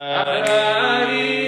Harari.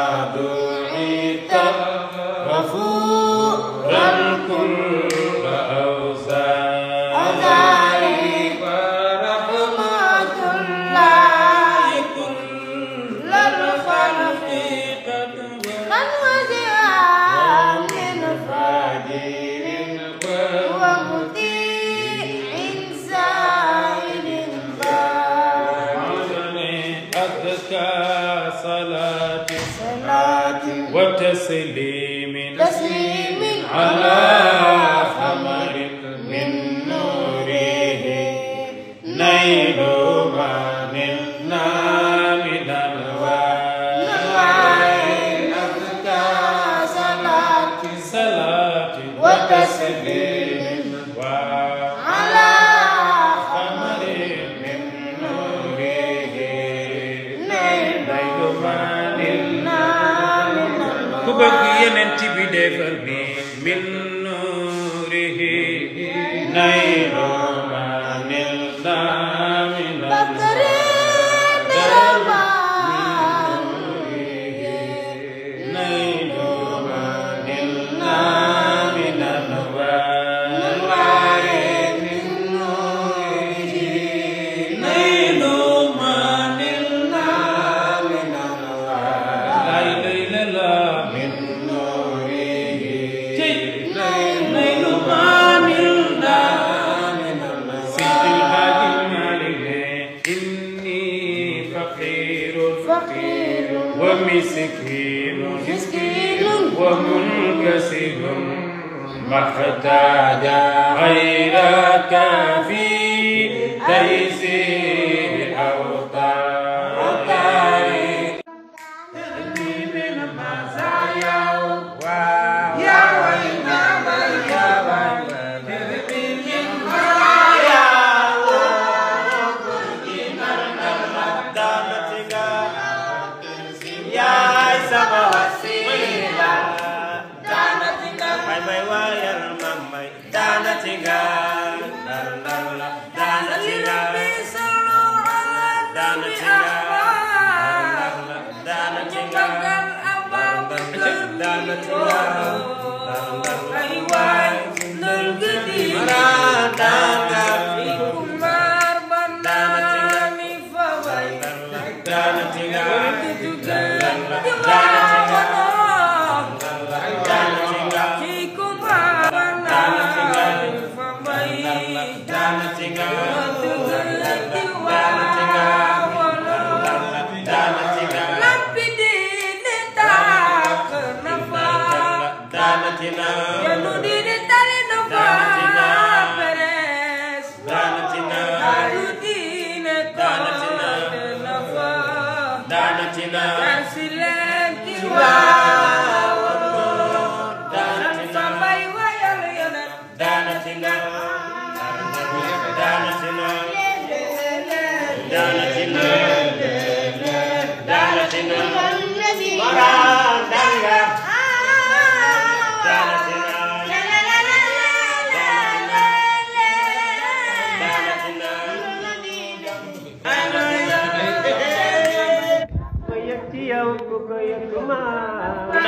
صلاة وتسليم تسليم على خمر من نوره نيل من النار نوى صلاة وتسليم مسكين ومنكسب محتاجا غير كافي ليس la la la la داتنا ترسلت وابور داتنا صبي ويلينا دانتنا دانتنا دانتنا دانتنا مرحبا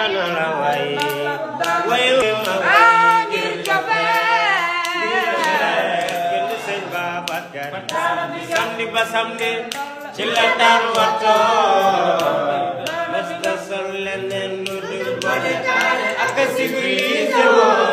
samni ba samni ci la daan waxtoo mës ta sol leneen lu dul boole ak civilisé woon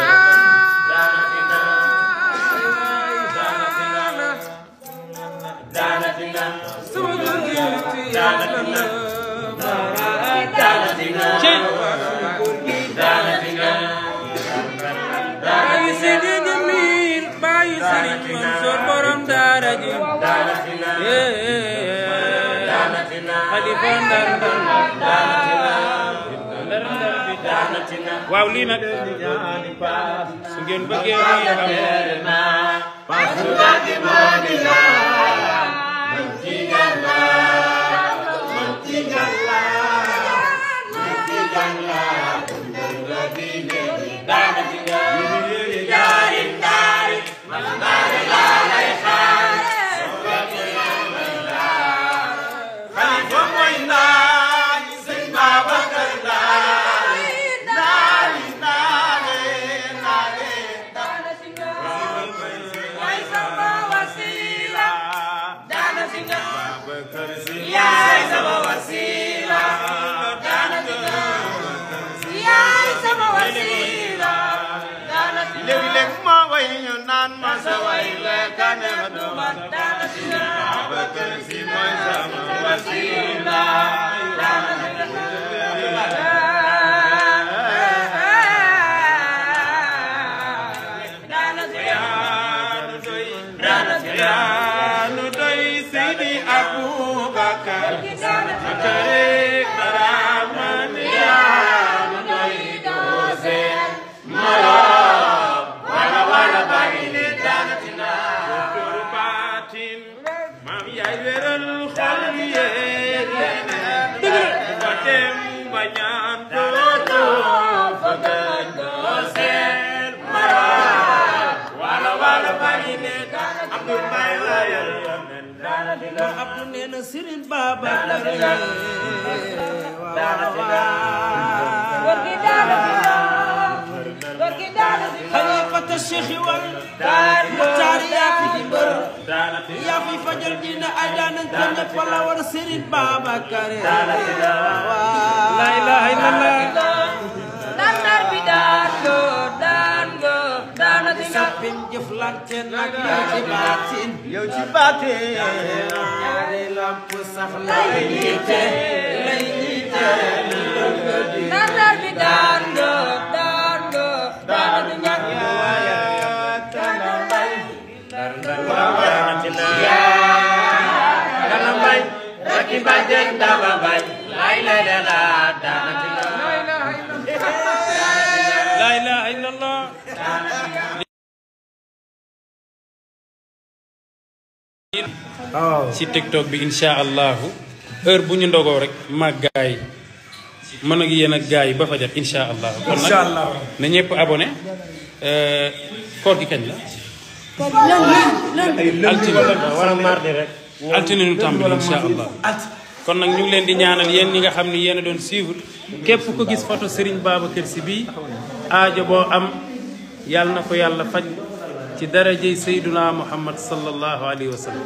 daraj daanatina daanatina xalifa ndar ndar daanatina waaw lii nag su ngeen bëggee way ñu naan ma sa way lekka neex du ma daana si naa Abakar Si mooy sama wasiila daana si naa Yeah. Serigne Babacar ta Cheikh wal taar taar yaa fi di mbër yaa fi fajal diina ay daanan ko ñëpp la war Serigne Babacar la ilaha illallah daan naar bi daan go daan go daana di nga bim jëflante nag yow ci baatin yow ci baatin ñaari lamp sax lay ñiite lay ñiite daan naar bi daan Oh. si tiktok bi insya Allah, heure buñu ndogo rek mag gaay ak yena gay ba fa jot insha allahu kon nag na ñëpp abonné euh, koor gi la mardi rek altine nu tàmbali incha allah kon nag ñu ngi leen di ñaanal yéen ñi nga xam ni yéen a doon suivre képp ko gis photo Serigne Babacar Sy bii aajo boo am yàlla na ko yàlla faj ci darajey Seyduna Muhammad sallallahu alayhi wa sallam